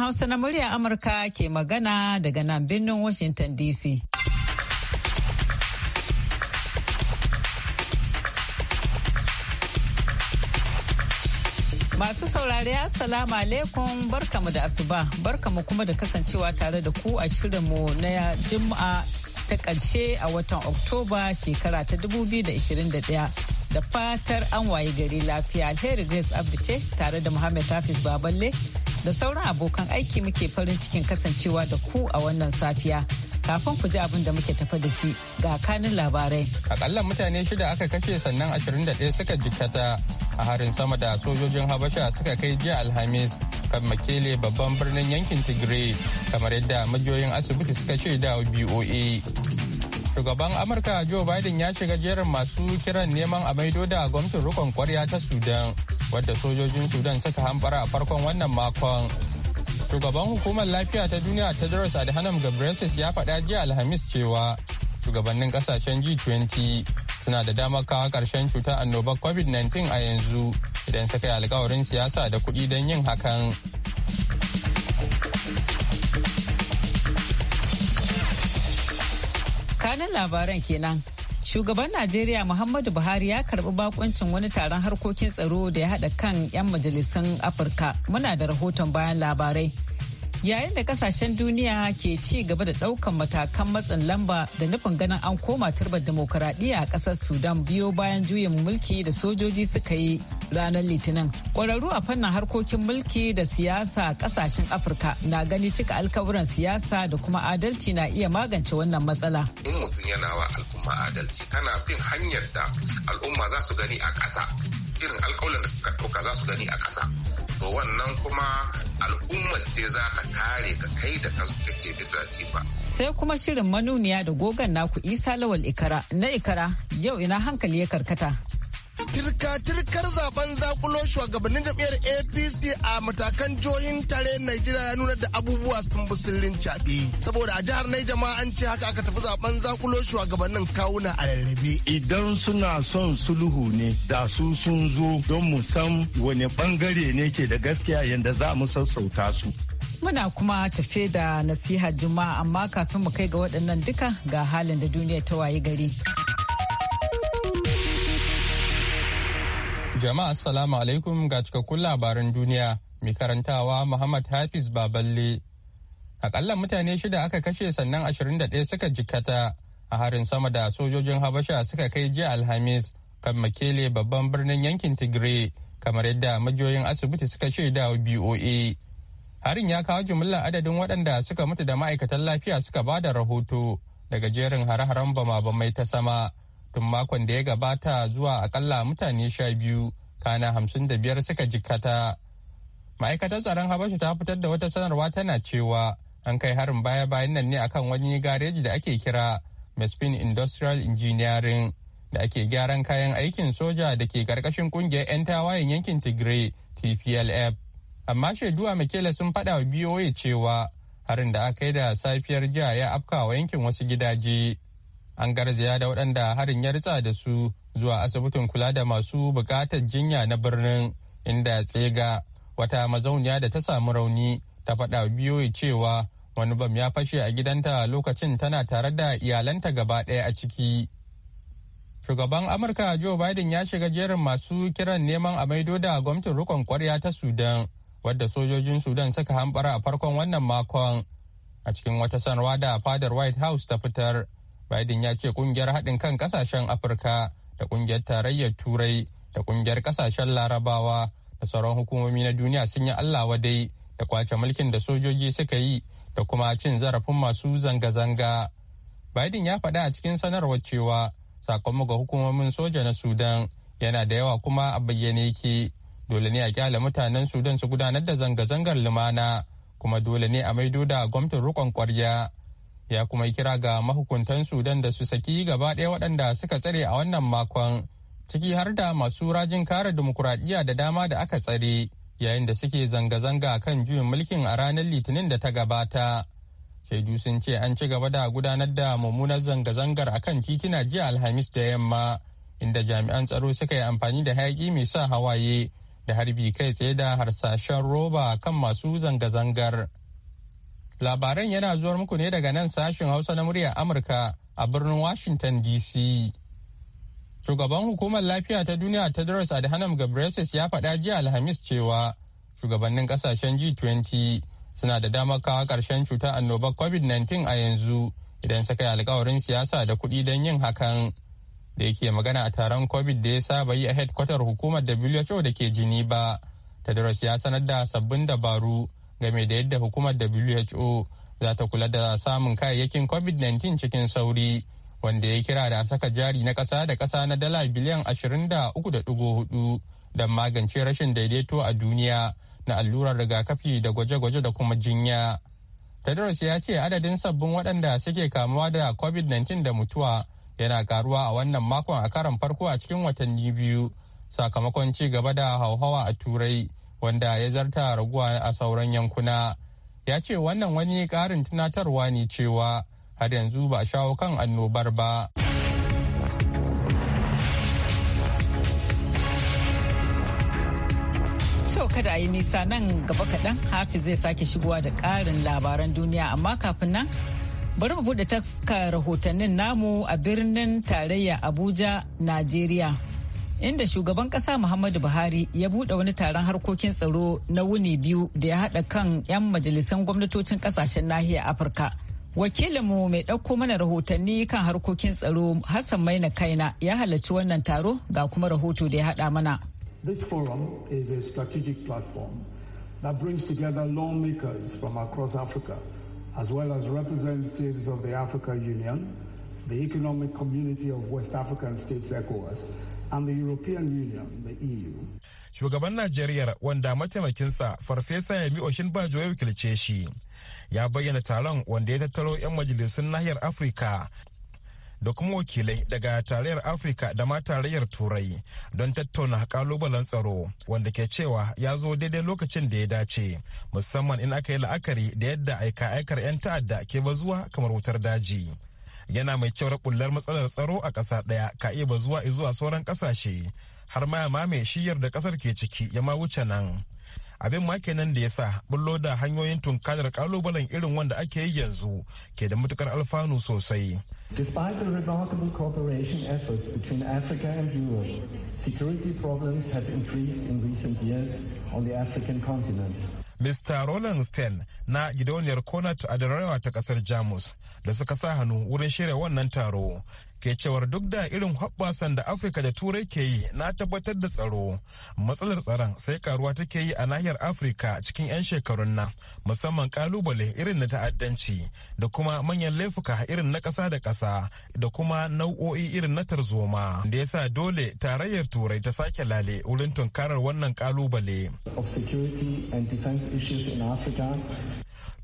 Hausa na murya Amurka ke magana daga nan birnin Washington DC. Masu saurari Assalamu alaikum barkamu da asuba barkamu kuma da kasancewa tare da ku a shirinmu na Juma'a ta ƙarshe a watan Oktoba shekara ta 2021. da fatar an waye gari lafiya alheri grace abdu ce tare da Muhammad hafiz baballe da sauran abokan aiki muke farin cikin kasancewa da ku a wannan safiya. Kafin ku ji abin da muke tafa da shi ga kanin labarai. Akalla mutane shida aka kashe sannan 21 suka jikata a harin sama da sojojin Habasha suka kai jiya Alhamis kan Makele babban birnin yankin Tigray kamar yadda majiyoyin asibiti suka ce da BOA. Shugaban Amurka Joe Biden ya shiga jerin masu kiran neman a maido da gwamnatin rukon kwarya ta Sudan wadda sojojin sudan suka hambara a farkon wannan makon shugaban hukumar lafiya ta duniya ta tedros adhanom ghebreyesus ya faɗa jiya alhamis cewa shugabannin kasashen g20 suna da damar kawo ƙarshen cutar annobar covid-19 a yanzu idan suka yi alkawarin siyasa da kuɗi don yin hakan kanin labaran kenan Shugaban Najeriya Muhammadu Buhari ya karbi bakoncin wani taron harkokin tsaro da ya hada kan 'yan majalisun Afirka. Muna da rahoton bayan labarai. Yayin da kasashen duniya ke ci gaba da daukan matakan matsin lamba da nufin ganin an koma turbar demokuraɗiyya a ƙasar Sudan biyo bayan juyin mulki da sojoji suka yi ranar Litinin. Ƙwararru a fannin harkokin mulki da siyasa ƙasashen Afirka na gani cika alkawuran siyasa da kuma adalci na iya magance wannan matsala. yana wa al'umma adalci tana bin hanyar da al'umma za su gani a ƙasa irin alƙawalin da ka za su gani a ƙasa to wannan kuma al'ummar ce za ka kare ka kai da ka ke bisa kifa sai kuma shirin manuniya da gogan naku isa lawal ikara na ikara yau ina hankali ya karkata Tirka-tirkar zaben zakulo shugabannin jam'iyyar APC a matakan jihohin tare Najeriya ya nuna da abubuwa sun bi sirrin caɓe. Saboda a jihar Naija ma an ce haka aka tafi zaben zakulo shugabannin kawuna a lallabe. Idan suna son sulhu ne da su sun zo don mu san wani bangare ne ke da gaskiya yadda za mu sassauta su. Muna kuma tafe da nasihar juma'a amma kafin mu kai ga waɗannan duka ga halin da duniya ta waye gari. Jama'a Assalamu alaikum ga cikakkun labaran duniya mai karantawa Muhammad Hafiz Baballe. Akalla mutane shida aka kashe sannan ashirin 21 suka jikkata a harin sama da sojojin Habasha suka kai jiya Alhamis kan Makele babban birnin yankin Tigray kamar yadda majiyoyin asibiti suka shaida wa BOA. Harin ya kawo jimillar adadin waɗanda suka mutu da ma'aikatan lafiya suka ba da rahoto daga jerin hare-haren bama-bamai ta sama tun makon da ya gabata zuwa akalla mutane sha biyu kana hamsin da biyar suka jikkata ma'aikatar tsaron habasha ta fitar da wata sanarwa tana cewa an kai harin baya bayan nan ne akan wani gareji da ake kira mespin industrial engineering da ake gyaran kayan aikin soja da ke karkashin kungiyar 'yan tawayen yankin tigray tplf amma shaidu a makela sun fada wa boa cewa harin da aka yi da safiyar jiya ya afkawa yankin wasu gidaje an garzaya da waɗanda harin ya ritsa da su zuwa asibitin kula da masu buƙatar jinya na birnin inda tsega wata mazauniya da ta samu rauni ta faɗa biyoyi cewa wani bam ya fashe a gidanta lokacin tana tare da iyalanta gaba ɗaya a ciki shugaban amurka joe biden ya shiga jerin masu kiran neman a maido da gwamnatin rikon kwarya ta sudan wadda sojojin sudan suka hambara a farkon wannan makon a cikin wata sanarwa da fadar white house ta fitar Biden ya ce kungiyar haɗin kan ƙasashen Afirka da kungiyar tarayyar Turai da kungiyar ƙasashen Larabawa da sauran hukumomi na duniya sun yi Allah wadai da kwace mulkin da sojoji suka yi da kuma cin zarafin masu zanga-zanga. Biden ya faɗa a cikin sanarwar cewa sakamakon hukumomin soja na Sudan yana da yawa kuma a bayyane yake dole ne a kyale mutanen Sudan su gudanar da zanga-zangar lumana kuma dole ne a maido da gwamnatin riƙon kwarya. ya kuma kira ga mahukuntan sudan da su saki gaba ɗaya waɗanda suka tsare a wannan makon ciki har da masu rajin kare dimokuraɗiyya da dama da aka tsare yayin da suke zanga-zanga kan juyin mulkin a ranar litinin da ta gabata shaidu sun ce an ci gaba da gudanar da mummunar zanga-zangar a kan titina jiya alhamis da yamma inda jami'an tsaro suka yi amfani da hayaki mai sa hawaye da harbi kai tsaye da harsashen roba kan masu zanga-zangar Labaran yana zuwar muku ne daga nan sashen Hausa na murya Amurka a birnin Washington DC. Shugaban hukumar lafiya ta duniya ta Tedros Adhanom Ghebreyesus ya faɗa jiya Alhamis cewa shugabannin kasashen G20 suna da damar kawo ƙarshen cutar annobar COVID-19 a yanzu idan suka yi alkawarin siyasa da kuɗi don yin hakan. Da yake magana a taron COVID da ya saba yi a hedkwatar hukumar WHO da ke Geneva, Tedros ya sanar da sabbin dabaru game da yadda hukumar WHO za ta kula da samun kayayyakin COVID-19 cikin sauri wanda ya kira da saka jari na ƙasa da ƙasa na dala biliyan 23.4 don magance rashin daidaito a duniya na allurar rigakafi da gwaje-gwaje da kuma jinya. Tedros ya ce adadin sabbin waɗanda suke kamuwa da COVID-19 da mutuwa yana karuwa a wannan makon a karon farko a cikin watanni biyu sakamakon ci gaba da hauhawa a turai wanda ya zarta raguwa a sauran yankuna ya ce wannan wani ƙarin tunatarwa ne cewa har yanzu ba a shawo kan annobar ba. To kada a yi nisa nan gaba kaɗan hafi zai sake shigowa da ƙarin labaran duniya amma kafin nan bari mu buɗe taka rahotannin namu a birnin tarayya Abuja, Najeriya. inda shugaban kasa Muhammadu Buhari ya buɗe wani taron harkokin tsaro na wuni biyu da ya haɗa kan 'yan majalisan gwamnatocin kasashen nahiyar Afirka. Wakilinmu mai ɗauko mana rahotanni kan harkokin tsaro Hassan Maina Kaina ya halarci wannan taro ga kuma rahoto da ya haɗa mana. This forum is a strategic platform that brings together lawmakers from across Africa as well as representatives of the Africa Union, the Economic Community of West African States ECOWAS, and the European Union, the EU. Shugaban Najeriya wanda mataimakinsa Farfesa Yemi Oshinbajo ya wakilce shi ya bayyana taron wanda ya tattaro 'yan majalisun nahiyar Afirka da kuma wakilai daga tarayyar Afirka da ma tarayyar Turai don tattauna kalubalen tsaro wanda ke cewa ya zo daidai lokacin da ya dace musamman in aka yi la'akari da yadda aika aikar 'yan ta'adda ke bazuwa kamar wutar daji. yana mai kyau bullar matsalar tsaro a ƙasa ɗaya ka iya bazuwa zuwa sauran ƙasashe har ma mai shiyar da ƙasar ke ciki ya ma wuce nan abin ma kenan da ya sa bullo da hanyoyin tunkarar kalubalen irin wanda ake yi yanzu ke da matukar alfanu sosai. Despite the remarkable cooperation efforts between Africa and Europe, security problems have increased in recent years on the African continent. Mr. Roland Stein na gidauniyar Konat a ta kasar Jamus da suka sa hannu wurin shirya wannan taro ke cewar duk da irin hoɓɓasan da afirka da turai ke yi na tabbatar da tsaro matsalar tsaron sai karuwa take yi a nahiyar afirka cikin 'yan shekarun nan musamman kalubale irin na ta'addanci da kuma manyan laifuka irin na ƙasa da ƙasa da kuma nau'o'i irin na tarzoma da ya sa dole tarayyar turai ta sake lale wurin tunkarar wannan kalubale of and in africa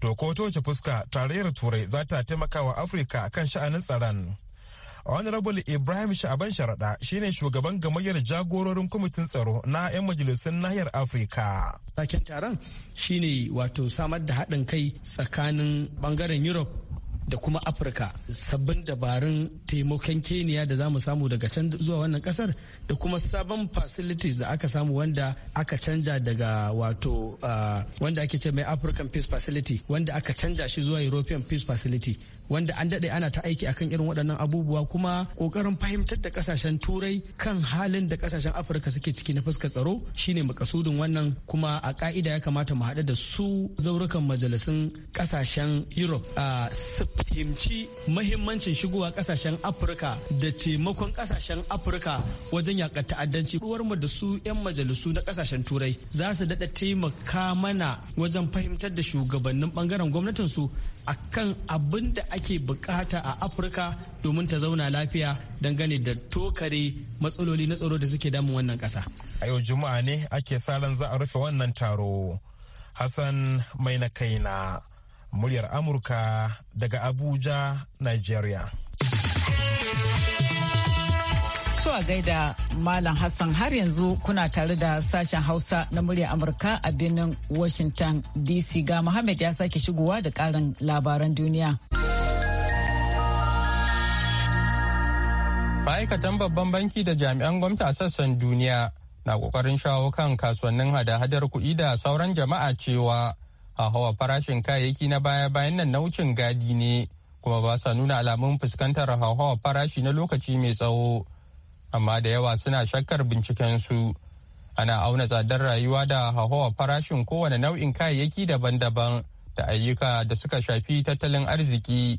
to ko ta fuska tarayyar turai za ta taimaka wa afirka kan sha'anin tsaron honorable ibrahim sha'aban sharaɗa shine shugaban gamayyar jagororin kwamitin tsaro na 'yan majalisun nahiyar afirka taken taron shine wato samar da haɗin kai tsakanin bangaren europe da kuma afirka sabbin dabarun taimakon keniya da za mu samu daga can zuwa wannan kasar da kuma sabon facilities da aka samu wanda aka canja daga wato ah, wanda ake ce mai african peace facility wanda aka canja shi zuwa european peace facility wanda an daɗe ana ta aiki akan irin waɗannan abubuwa kuma ƙoƙarin fahimtar da ƙasashen turai kan halin da ƙasashen afirka suke ciki na fuskar tsaro shine makasudin wannan kuma a ƙa'ida ya kamata mu haɗu da su zaurukan majalisun ƙasashen europe a fahimci mahimmancin shigowa ƙasashen afirka da taimakon ƙasashen afirka wajen yaƙar ta'addanci mu da su 'yan majalisu na ƙasashen turai za su daɗa taimaka mana wajen fahimtar da shugabannin ɓangaren gwamnatinsu akan abin da ake bukata a afirka domin ta zauna lafiya dangane da tokare matsaloli na tsaro da suke damun wannan kasa a yau juma'a ne ake salon za a rufe wannan taro hassan mai na kaina muryar amurka daga abuja nigeria a gaida Malam Hassan har yanzu kuna tare da sashen Hausa na murya Amurka a birnin Washington DC ga Muhammad ya sake shigowa da karin labaran duniya. ma'aikatan babban banki da jami'an gwamnati a sassan duniya na kokarin shawo kan kasuwannin hada-hadar kuɗi da sauran jama'a cewa hawa farashin kayayyaki na baya-bayan nan na wucin gadi ne kuma ba sa nuna alamun fuskantar hawa farashi na lokaci mai tsawo amma da yawa suna shakkar bincikensu ana auna tsadar rayuwa da hawa farashin kowane nau'in kayayyaki daban-daban da ayyuka da suka shafi tattalin arziki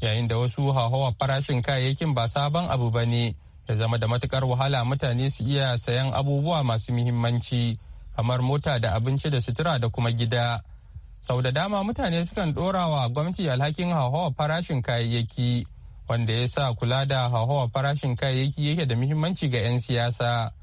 yayin da wasu hauhawar farashin kayayyakin ba sabon abu ba ne ya zama da matukar wahala mutane su iya sayan abubuwa masu muhimmanci kamar mota da abinci da sutura da kuma gida sau da dama mutane sukan dora wa gwamnati alhakin hauhawar farashin kayayyaki wanda ya sa kula da hauhawar farashin kayayyaki yake da muhimmanci ga 'yan siyasa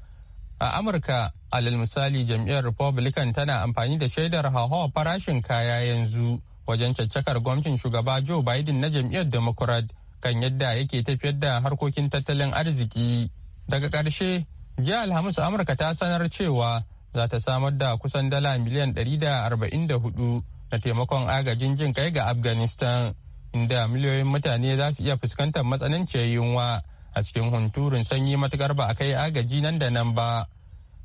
a amurka alal misali jam'iyyar republican tana amfani da shaidar hauhawar farashin kaya yanzu wajen caccakar gwamnatin shugaba Joe Biden na jam'iyyar Democrat kan yadda yake tafiyar da harkokin tattalin arziki. Daga ƙarshe, jiya Alhamis Amurka ta sanar cewa za ta samar da kusan dala miliyan 144 na taimakon agajin jin kai ga Afghanistan, inda miliyoyin mutane za su iya fuskantar matsananciyar yunwa a cikin hunturun sanyi matukar ba a kai agaji nan da nan ba.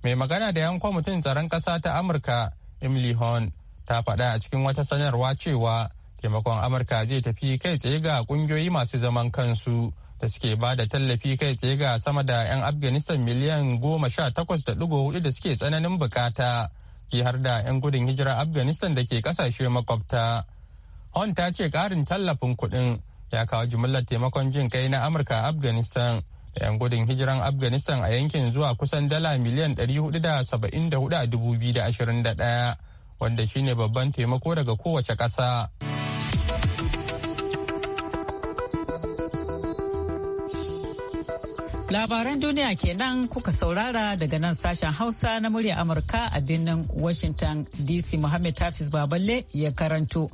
Mai magana da yan kwamitin tsaron ƙasa ta Amurka, Emily Hunt, ta faɗa a cikin wata sanarwa cewa taimakon amurka zai tafi kai tsaye ga ƙungiyoyi masu zaman kansu da suke ba da tallafi kai tsaye ga sama da 'yan afghanistan miliyan goma sha takwas da ɗigo hudu da suke tsananin bukata ki har da 'yan gudun hijira afghanistan da ke kasashe makwabta hon ta ce karin tallafin kuɗin ya kawo jimillar taimakon jin kai na amurka afghanistan da 'yan gudun hijiran afghanistan a yankin zuwa kusan dala miliyan ɗari 474 a da ɗaya. wanda shine babban taimako daga kowace ƙasa. Labaran duniya kenan kuka saurara daga nan sashen Hausa na murya Amurka a birnin Washington DC Muhammad Hafiz Baballe ya karanto.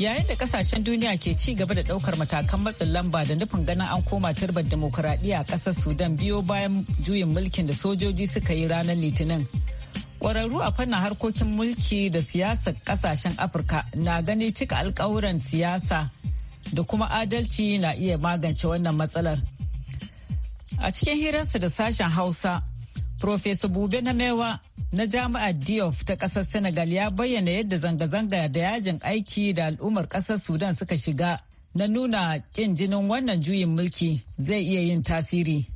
yayin da kasashen duniya ke ci gaba da daukar matakan matsin lamba da nufin ganin an koma turbar demokuraɗiyya a ƙasar sudan biyo bayan juyin mulkin da sojoji suka yi ranar litinin kwararru a fannin harkokin mulki da siyasar kasashen afirka na gani cika alkawuran siyasa da kuma adalci na iya magance wannan matsalar a cikin hirarsa da sashen hausa Profesa Bube na Mewa na jami'ar Diof ta kasar Senegal ya bayyana yadda zanga-zanga da yajin aiki da al'ummar kasar Sudan suka shiga na nuna kin jinin wannan juyin mulki zai iya yin tasiri.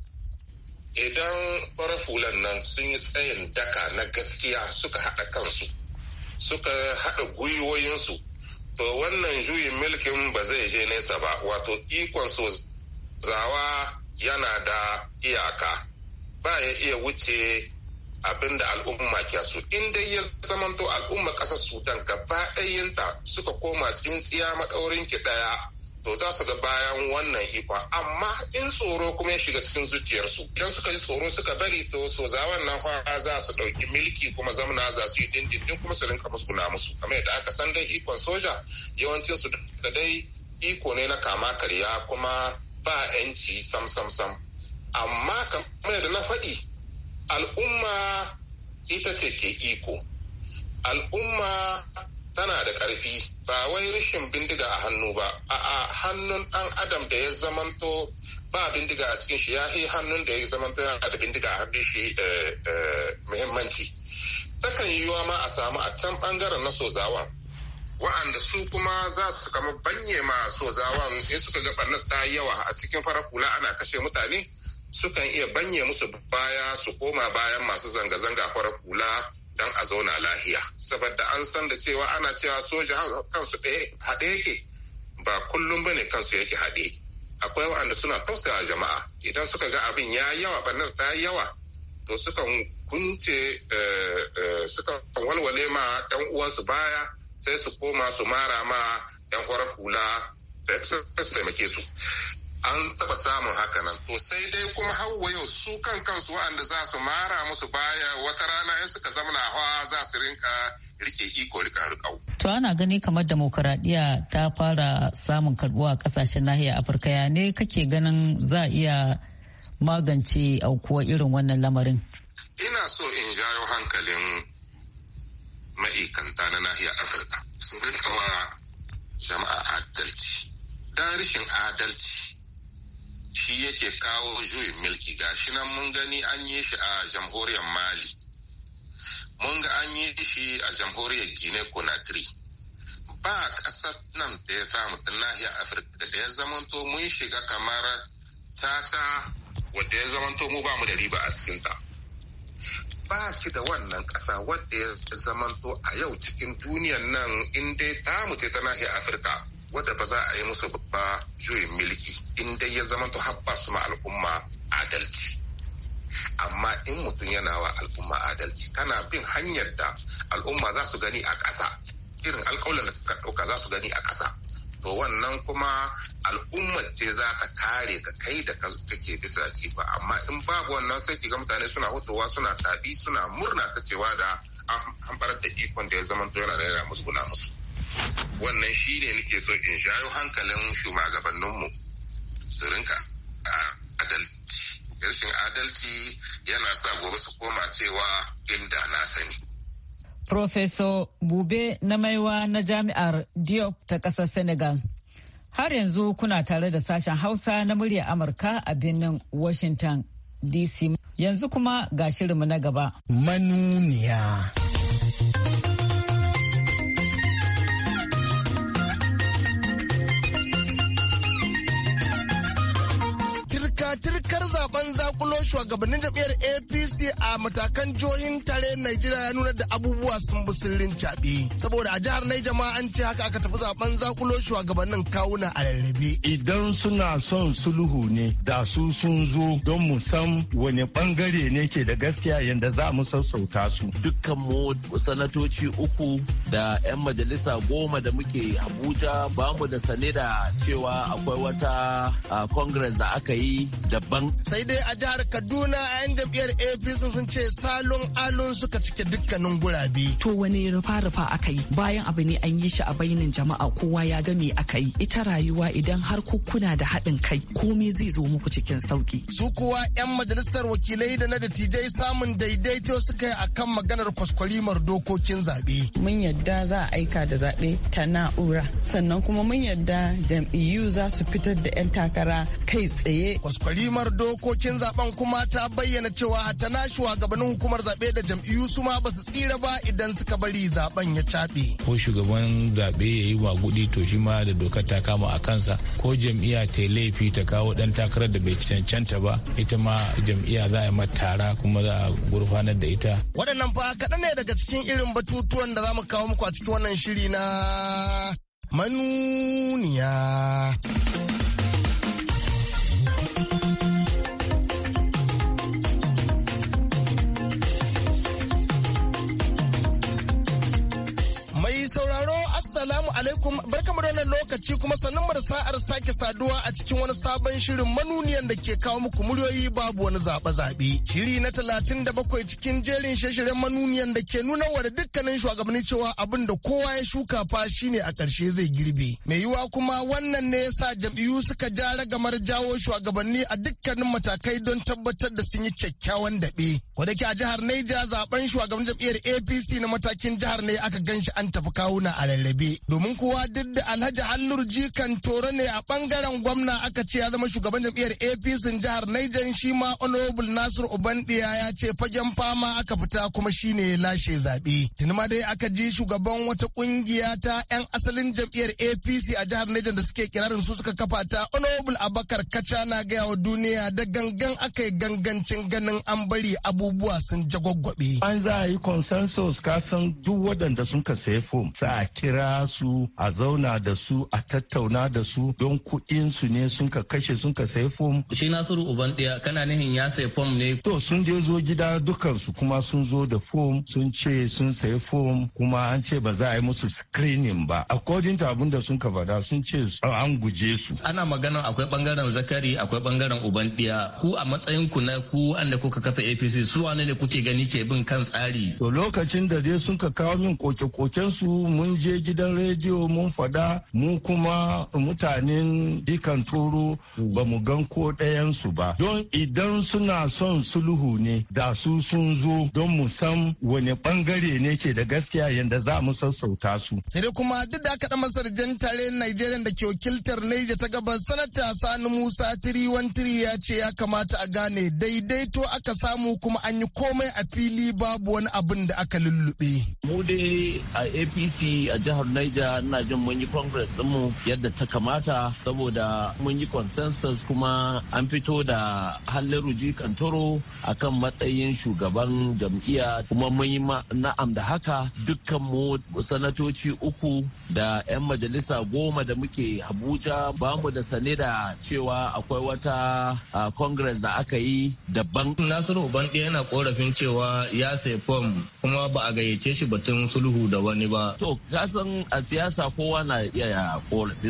Idan farafulan nan sun yi tsayin daka na gaskiya suka haɗa kansu, suka haɗa gwiwoyinsu, to wannan juyin mulkin ba zai je nesa ba, wato ikon zawa yana da iyaka, ba ya iya wuce abin da al'umma ke so in dai ya zamanto al'umma ƙasar sudan gaba ɗayanta suka koma tsintsiya maɗaurin ki ɗaya to za su ga bayan wannan ikon amma in tsoro kuma ya shiga cikin zuciyarsu idan suka ji tsoro suka bari to so za wannan fara za su ɗauki milki kuma zamana za su yi dindindin kuma su rinka musguna musu kamar yadda aka san dai ikon soja yawancin su da dai iko ne na kama karya kuma ba 'yanci sam sam sam amma kamar yadda na faɗi al'umma ita ce ke iko al'umma tana da ƙarfi ba wai rashin bindiga a hannu ba a hannun ɗan adam da ya zamanto ba bindiga a cikin shi ya yi hannun da ya zamanto yana da bindiga a hannun shi eh, eh, muhimmanci takan yi yiwuwa ma a samu a can ɓangaren na sozawan wa'anda su kuma za su kama banye ma sozawan in suka ga ɓarnar ta yawa a cikin fara kula ana kashe mutane sukan iya banye musu baya su koma bayan masu zanga-zanga kwarar kula don a zauna lahiya saboda an san da cewa ana cewa soja kansu haɗe yake ba kullum bane kansu yake haɗe akwai waɗanda suna tausaya jama'a idan suka ga abin ya yawa bannar ta yawa to sukan kunce eh, eh, sukan walwale ma ɗan uwansu baya sai su koma su mara ma ɗan kwarar hula da su taimake su an taɓa samun haka nan to sai dai kuma hawa yau su kan kansu waɗanda za su mara musu baya wata rana in suka zamana hawa za su rinka rike iko rika rikau. To ana gani kamar demokuraɗiyya ta fara samun karɓuwa a ƙasashen nahiyar Afirka ya ne kake ganin za a iya magance aukuwa irin wannan lamarin? Ina so in jayo hankalin ma'aikanta na nahiyar Afirka. juyin mulki gashi nan mun gani an yi shi a jamhuriyar mali mun ga an yi shi a jamhuriyar guinea conakry ba ƙasar nan da ya samu ta nahiyar afirka da ya zamanto mun shiga kamar tata wadda ya zamanto mu ba mu da riba a cikinta ba ki da wannan kasa wadda ya zamanto a yau cikin duniyar nan in dai ta mutu ta nahiyar afirka wadda ba za a yi musu ba juyin milki in dai ya zama to habba su ma al'umma adalci amma in mutum yana wa al'umma adalci kana bin hanyar da al'umma za su gani a ƙasa irin alƙawalin da ka ɗauka za su gani a ƙasa to wannan kuma al'umma ce za ta kare ka kai da kake bisa ki ba amma in babu wannan sai ki ga mutane suna hutuwa suna tabi suna murna ta cewa da an da ikon da ya zama yana da yana guna musu wannan shi ne nake so in shayo hankalin shugabanninmu su rinka adalci rashin adalci yana sa gobe su koma cewa inda na sani Profeso Bube na maiwa na jami'ar Diop ta ƙasar Senegal. Har yanzu kuna tare da sashen Hausa na muryar Amurka a birnin Washington DC. Yanzu kuma ga shirinmu na gaba. Manuniya. zakulo shugabannin jam'iyyar apc a matakan jihohin tare najeriya ya nuna da abubuwa sun bi sirrin caɓe saboda a jihar naija ma an ce haka aka tafi zaben zakulo shugabannin kawuna a rarrabe idan suna son sulhu ne da su sun zo don mu san wani bangare ne ke da gaskiya yadda za mu sassauta su dukkan mu sanatoci uku da 'yan majalisa goma da muke abuja ba mu da sane da cewa akwai wata congress da aka yi daban sai dai a jihar Kaduna a 'yan jam'iyyar APC sun ce salon alon suka cike dukkanin gurabe. To wani rufa-rufa aka yi bayan abu ne an yi shi a bainin jama'a kowa ya ga me aka yi. Ita rayuwa idan har kukuna da haɗin kai komai zai zo muku cikin sauki. Su kuwa 'yan majalisar wakilai da na dattijai samun daidaito suka yi akan maganar kwaskwalimar dokokin zaɓe. Mun yadda za a aika da zaɓe ta na'ura sannan kuma mun yadda jam'iyyu za su fitar da 'yan takara kai tsaye. Kwaskwalimar dokokin zaɓe zaben kuma ta bayyana cewa tana shugabannin hukumar zaɓe da jam'iyyu su ma ba su tsira ba idan suka bari zaben ya caɓe. Ko shugaban zaɓe ya yi magudi to shi ma da dokar ta kama a kansa ko jam'iyya ta laifi ta kawo ɗan takarar da bai cancanta ba ita ma jam'iyya za a yi mata tara kuma za a gurfanar da ita. Waɗannan fa kaɗan ne daga cikin irin batutuwan da za mu kawo muku a cikin wannan shiri na manuniya. alaikum barkamu da wannan lokaci kuma sannan da sa'ar sake saduwa a cikin wani sabon shirin manuniyan da ke kawo muku muryoyi babu wani zaɓe zaɓe. Shiri na talatin da bakwai cikin jerin shirin manuniyan da ke nuna wa da dukkanin shugabanni cewa abin da kowa ya shuka fa shine a ƙarshe zai girbe. Mai yiwa kuma wannan ne yasa jam'iyyu suka ja ragamar jawo shugabanni a dukkanin matakai don tabbatar da sun yi kyakkyawan daɓe. ke a jihar Neja zaben shugaban jam'iyyar APC na matakin jihar ne aka ganshi an tafi kawuna a rarrabe. Domin kuwa duk da Alhaji Hallur Jikan Toro ne a bangaren gwamna aka ce ya zama shugaban jam'iyyar APC jihar naijan shi ma Honorable Nasir Obandiya ya ce fagen fama aka fita kuma shine ne lashe zaɓe. Tuni ma dai aka ji shugaban wata kungiya ta 'yan asalin jam'iyyar APC a jihar naijan da suke kirarin su suka kafa ta Honorable Abakar kaca na gaya wa duniya da gangan aka yi gangancin ganin an bari abubuwa sun jagwagwabe. An za a yi consensus kasan duk waɗanda sun ka sayi fom sa a kira su a zauna da su a tattauna da su don kuɗin su ne sun ka kashe sun ka sayi fom. Shi Nasiru Uban ɗaya kana nihin ya sayi fom ne. To sun je zo gida su kuma sun zo da fom sun ce sun sayi fom kuma an ce ba za a yi musu screening ba. According to abin da sun ka faɗa sun ce an guje su. Ana magana akwai bangaren zakari akwai bangaren uban ɗaya. Ku a matsayin ku na ku anda kuka kafa APC su wane ne kuke gani ke bin kan tsari. To lokacin da dai sun ka kawo min koke-koken su mun je gidan rediyo rediyo mun fada mu kuma mutanen dikan turo ba mu gan ko ɗayansu ba don idan suna son sulhu ne da su sun zo don mu san wani bangare ne ke da gaskiya yadda za mu sassauta su sai dai kuma duk da aka da masarjan tare nigeria da ke wakiltar Niger ta gabas sanata Sani Musa 313 ya ce ya kamata a gane daidaito aka samu kuma an yi komai a fili babu wani abin da aka lullube mu dai a APC a jihar Niger ina jin mun yi congress mu yadda ta kamata saboda mun yi consensus kuma an fito da halliru kantoro kan matsayin shugaban jam'iyya kuma mun yi na'am da haka dukkan mu sanatoci uku da 'yan majalisa goma da muke abuja ba mu da sane da cewa akwai wata congress da aka yi daban nasiru uban yana korafin cewa ya sai fom kuma ba a gayyace shi batun sulhu da wani ba to kasan a siyasa kowa na iya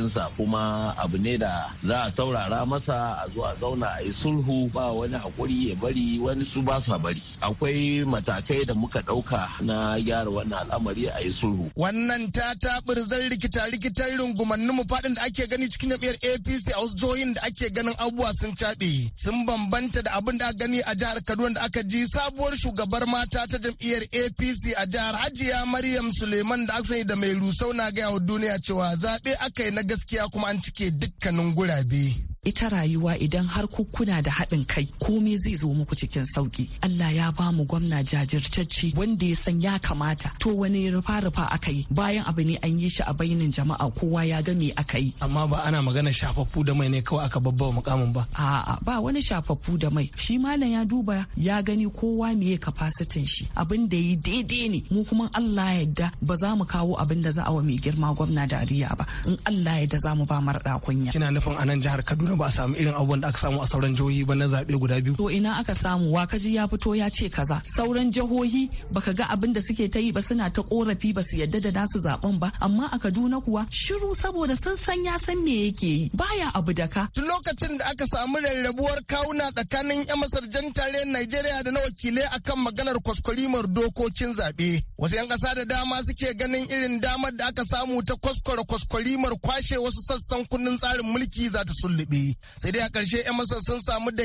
sa kuma abu ne da za a saurara masa a zuwa zauna a yi sulhu ba wani hakuri ya bari wani su ba sa bari akwai matakai da muka ɗauka na gyara wannan al'amari a yi sulhu wannan ta taɓurzar rikita rikitar rungumannin mu faɗin da ake gani cikin jam'iyyar apc a wasu jihohin da ake ganin abubuwa sun caɓe sun bambanta da abin da aka gani a jihar kaduna da aka ji sabuwar shugabar mata ta jam'iyyar apc a jihar hajiya maryam suleiman da aka sani da mai rusau na ga gaya wa duniya cewa zaɓe aka yi na gaskiya kuma an cike dukkanin gurabe. ita rayuwa idan har kuna da haɗin kai komai zai zo muku cikin sauki Allah ya ba mu gwamna jajirtacce wanda ya san ya kamata to wani rufa rufa aka yi bayan abu ne an yi shi a bainin jama'a kowa ya ga me aka yi amma ba ana magana shafaffu da mai ne kawai aka babbawa mukamin ba a'a ba wani shafaffu da mai shi malam ya duba ya gani kowa me ya shi abin da yi daidai ne mu kuma Allah ya yarda ba za mu kawo abin da za a wa mai girma gwamna dariya ba in Allah ya yarda za mu ba marɗa kunya kina nufin a nan jihar Kaduna ba a samu irin abubuwan da aka samu a sauran jihohi ba na zaɓe guda biyu. To ina aka samu wakaji ya fito ya ce kaza sauran jihohi baka ga abin da suke ta yi ba suna ta korafi ba su yadda da nasu zaben ba amma a Kaduna kuwa shiru saboda sun san ya san me yake yi baya abu da ka. Tun lokacin da aka samu rarrabuwar kawuna tsakanin 'yan masarjan tarayyar Najeriya da na wakilai a kan maganar kwaskwarimar dokokin zaɓe. Wasu 'yan ƙasa da dama suke ganin irin damar da aka samu ta kwaskwara kwaskwarimar kwashe wasu sassan kundin tsarin mulki za ta sullube. yi sai dai a ƙarshe 'yan masar sun samu da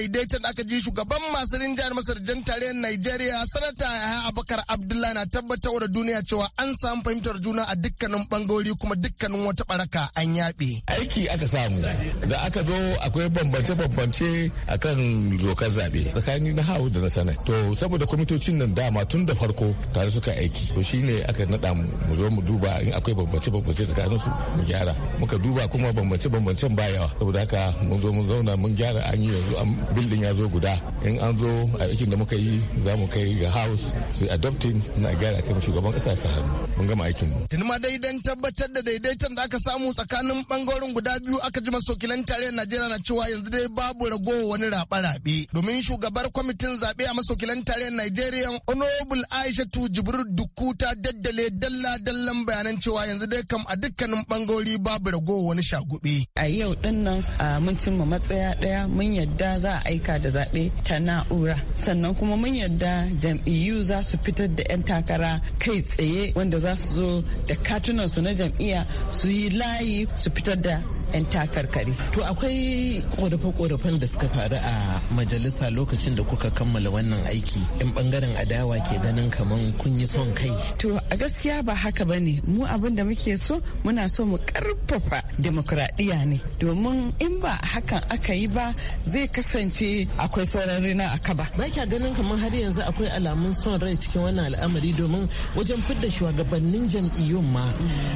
aka ji shugaban masu rinjayar masar jan tarayyar nigeria sanata yahaya abakar abdullahi na tabbatar da duniya cewa an samu fahimtar juna a dukkanin bangarori kuma dukkanin wata baraka an yaɓe aiki aka samu da aka zo akwai bambance-bambance akan dokar zaɓe tsakanin na hawu da na sanar to saboda kwamitocin nan dama tun da farko tare suka aiki to shine aka naɗa mu zo mu duba in akwai bambance-bambance tsakanin su mu gyara muka duba kuma bambance-bambancen ba saboda haka mun zo mun zauna mun gyara an yi yanzu an building ya zo guda in an zo a aikin da muka yi za mu kai ga house su adopting na gyara kai shugaban kasa sa hannu mun gama aikin mu tunuma dai dan tabbatar da daidaiton da aka samu tsakanin bangarorin guda biyu aka ji masokilan tarayyar Najeriya na cewa yanzu dai babu ragowa wani rabe-rabe domin shugabar kwamitin zaɓe a masokilan tarayyar Najeriya Honorable Aishatu Jibril Dukku ta daddale dalla-dallan bayanan cewa yanzu dai kam a dukkanin bangarori babu ragowa wani shagube a yau din nan mun mu matsaya ɗaya mun yadda za a aika da zaɓe ta na'ura sannan kuma mun yadda jam'iyyu za su fitar da 'yan takara kai tsaye wanda za su zo da katunansu na jam'iyya su yi layi su fitar da 'yan takarkari to akwai korafe-korafen da suka faru a majalisa lokacin da kuka kammala wannan aiki in bangaren adawa ke ganin kaman kun yi son kai to a gaskiya ba haka ba ne mu abin da muke so muna so mu karfafa demokradiyya ne domin in ba hakan aka yi ba zai kasance akwai sauran rina a kaba ba kya ganin kamar har yanzu akwai alamun son rai cikin wannan al'amari domin wajen fidda shugabannin jam'iyyun ma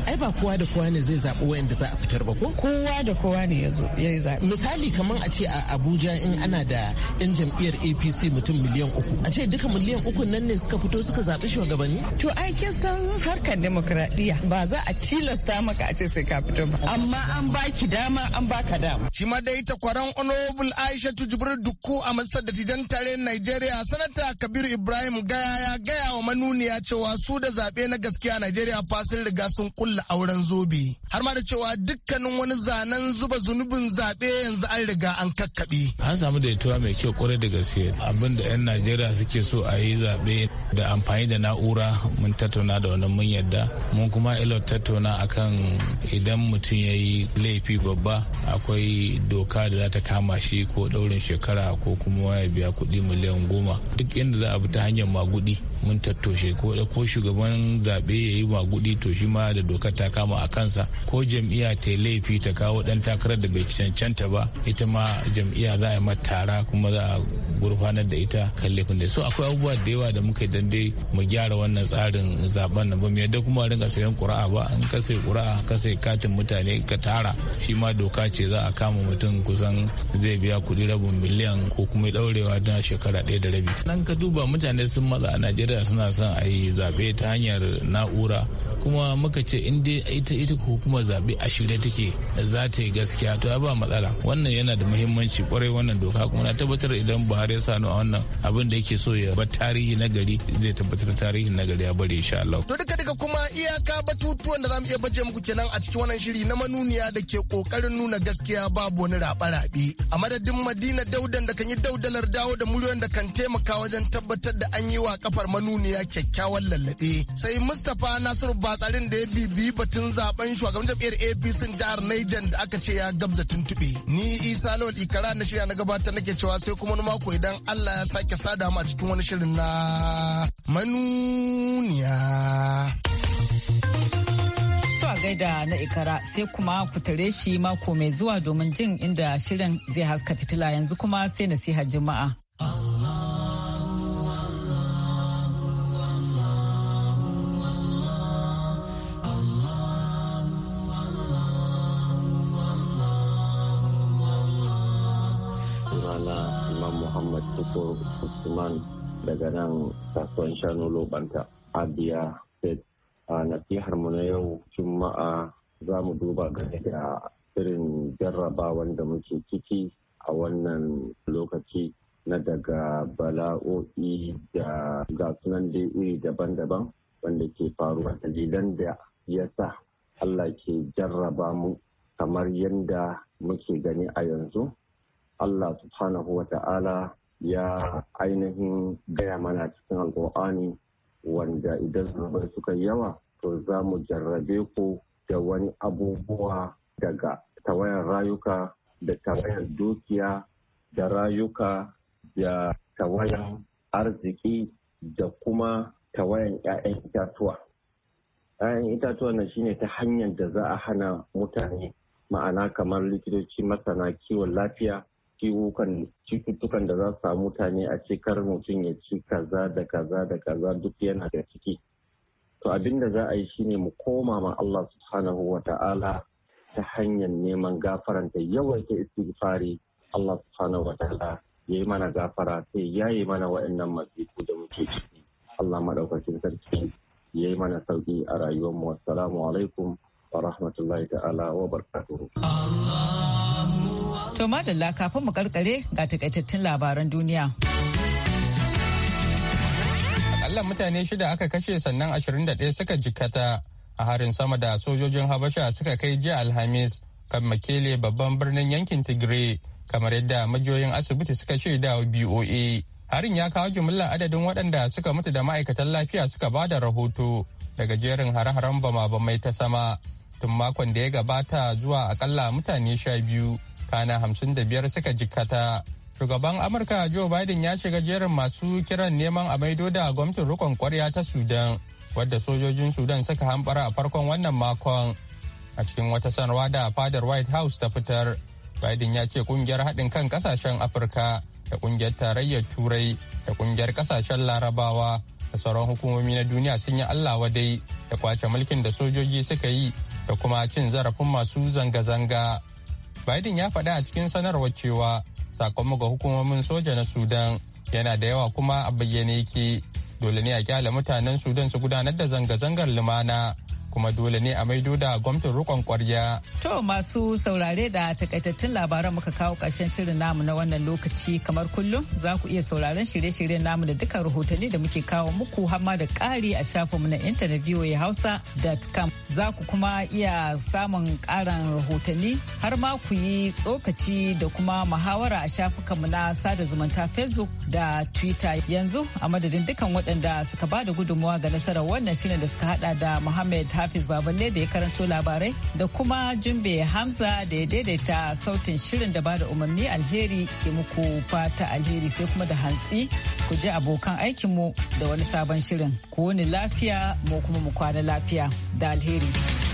ai ba kowa da kowa ne zai zaɓi wayanda za a fitar ba ko kowa da kowa ne ya zo ya yi zaɓe. misali kamar a ce a abuja in ana da yan jam'iyyar apc mutum miliyan uku a ce duka miliyan uku nan ne suka fito suka zaɓi shugabanni. to ai kin san harkar demokradiyya ba za a tilasta maka a ce sai ka fito ba amma an baki dama an baka dama. shi ma dai takwaran honorable aisha jibril dukku a masar da tijan tare nigeria sanata kabiru ibrahim gaya ya gaya wa manuniya cewa su da zaɓe na gaskiya nigeria fasil riga sun kulla auren zobe har ma da cewa dukkanin wani zaɓe nan zuba zunubin zaɓe yanzu an riga an kakkaɓe. An samu daidaituwa mai kyau kwarai da gaske abinda 'yan Najeriya suke so a yi zaɓe da amfani da na'ura mun tattauna da wannan mun yadda mun kuma ilo tattauna akan idan mutum ya yi laifi babba akwai doka da za ta kama shi ko ɗaurin shekara ko kuma ya biya kuɗi miliyan goma duk inda za a bi ta hanyar magudi mun tattoshe ko ko shugaban zaɓe ya yi magudi to shi ma da doka ta kama a kansa ko jam'iya ta laifi ta kawo dan takarar da bai cancanta ba ita ma jam'iyya za a yi matara kuma za a gurfanar da ita kan laifin da so akwai abubuwa da yawa da muka dan dai mu gyara wannan tsarin zaben na ba mu yadda kuma rinka sayan ƙura'a ba in ka sai ƙura'a ka sai katin mutane ka tara shi ma doka ce za a kama mutum kusan zai biya kuɗi rabin miliyan ko kuma ɗaurewa don shekara ɗaya da rabi nan ka duba mutane sun matsa a najeriya da suna son a yi zaɓe ta hanyar na'ura kuma muka ce in dai ita hukumar zaɓe a shirye take za ta yi gaskiya to ya ba matsala wannan yana da muhimmanci kwarai wannan doka kuma na tabbatar idan buhari ya sa a wannan abin da yake so ya bar tarihi na gari zai tabbatar tarihi na gari ya bari insha Allah. To duka duka kuma iyaka batutuwan da za mu iya baje muku kenan a cikin wannan shiri na manuniya da ke kokarin nuna gaskiya babu wani raɓa raɓe A madadin Madina Daudan da kan yi daudalar dawo da muryoyin da kan taimaka wajen tabbatar da an yi wa kafar manuniya kyakkyawan lallabe sai mustapha nasiru batsarin da ya bibi batun zaben shugaban jam'iyyar apc jihar niger da aka ce ya gabza tuntube ni isa lawal ikara na shirya na gabatar nake cewa sai kuma wani mako idan allah ya sake sada mu a cikin wani shirin na manuniya gaida na ikara sai kuma ku tare shi mako mai zuwa domin jin inda shirin zai haska fitila yanzu kuma sai nasihar Oh. tukur usman daga nan kasuwan shanu lobanta abia state a nasihar mu na yau juma'a za mu duba ga da irin jarrabawan da muke ciki a wannan lokaci na daga bala'o'i da gasunan da iri daban-daban wanda ke faruwa dalilan da ya sa Allah ke jarraba mu kamar yadda muke gani a yanzu Allah subhanahu wa ta'ala ya ainihin gaya mana cikin alkur'ani wanda idan zunubai suka yawa to za mu jarrabe ku da wani abubuwa daga tawayar rayuka da tawayar dukiya da rayuka da tawayar arziki da kuma tawayan 'ya'yan itatuwa. 'ya'yan itatuwa na shine ta hanyar da za a hana mutane ma'ana kamar likitoci masana kiwon lafiya ciwukan cututtukan da za su samu mutane a ce mutum ya ci kaza da kaza da kaza duk yana da ciki to abin da za a yi shine mu koma ma Allah subhanahu wa ta'ala ta hanyar neman gafaranta yawaita istighfari Allah subhanahu wa ta'ala ya yi mana gafara sai ya yi mana waɗannan masifu da muke ciki Allah maɗaukacin sarki ya yi mana sauƙi a rayuwarmu assalamu alaikum wa rahmatullahi ta'ala wa barakatuhu. To madalla kafin mu karkare ga takaitattun labaran duniya. Akalla mutane shida aka kashe sannan 21 suka jikata a harin sama da sojojin Habasha suka kai jiya Alhamis kan Makele babban birnin yankin Tigray kamar yadda majiyoyin asibiti suka ce da BOA. Harin ya kawo jimillar adadin waɗanda suka mutu da ma'aikatan lafiya suka ba da rahoto daga jerin hare-haren bama-bamai ta sama tun makon da ya gabata zuwa akalla mutane sha biyu. kana hamsin da biyar suka jikkata shugaban amurka joe biden ya shiga jerin masu kiran neman a maido da gwamnatin rikon kwarya ta sudan wadda sojojin sudan suka hambara a farkon wannan makon a cikin wata sanarwa da fadar white house ta fitar biden ya ce kungiyar haɗin kan ƙasashen afirka da kungiyar tarayyar turai da kungiyar ƙasashen larabawa da sauran hukumomi na duniya sun yi allah wadai da kwace mulkin da sojoji suka yi da kuma cin zarafin masu zanga-zanga Biden ya faɗa a cikin sanarwar cewa sakamakon hukumomin soja na Sudan yana da yawa kuma a bayyane yake dole ne a kyale mutanen Sudan su gudanar da zanga-zangar lumana kuma dole ne a maido da gwamnatin rukon kwarya. To masu saurare da takaitattun labaran muka kawo ƙarshen shirin namu na wannan lokaci kamar kullum za ku iya sauraron shirye-shiryen namu da duka rahotanni da muke kawo muku hamma da ƙari a shafinmu na intanet voahausa.com. Za ku kuma iya samun ƙarin rahotanni har ma ku yi tsokaci da kuma muhawara a shafukanmu na sada zumunta Facebook da Twitter. Yanzu a madadin dukkan waɗanda suka ba da gudunmawa ga nasarar wannan shirin da suka hada da Muhammad Hafiz Baballe da ya karanto labarai da kuma Jumbe Hamza da ya daidaita sautin shirin da ba da umarni alheri ke muku fata alheri sai kuma da hantsi ku je abokan aikinmu da wani sabon shirin. Ku wani lafiya mu kuma mu kwana lafiya da alheri.